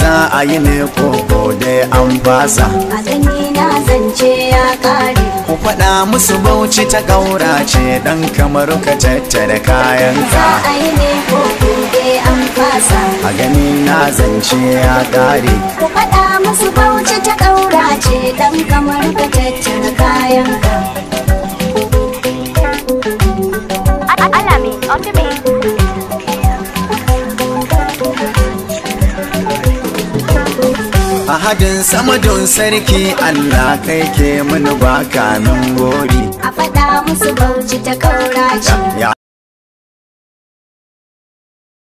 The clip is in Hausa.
za a yi ne koko dai an basa a na zance ya kare ku faɗa musu bauchi ta ƙaura ce ɗan kamar ka tattara kayan za a yi ne koko dai an fasa a gani na zance ya kare ku faɗa musu bauchi ta ƙaura ce ɗan kamar ka tattara kayan ka A ahadin don sarki Allah kai ke mini baka nan gori a fada musu bauchi ta kaurace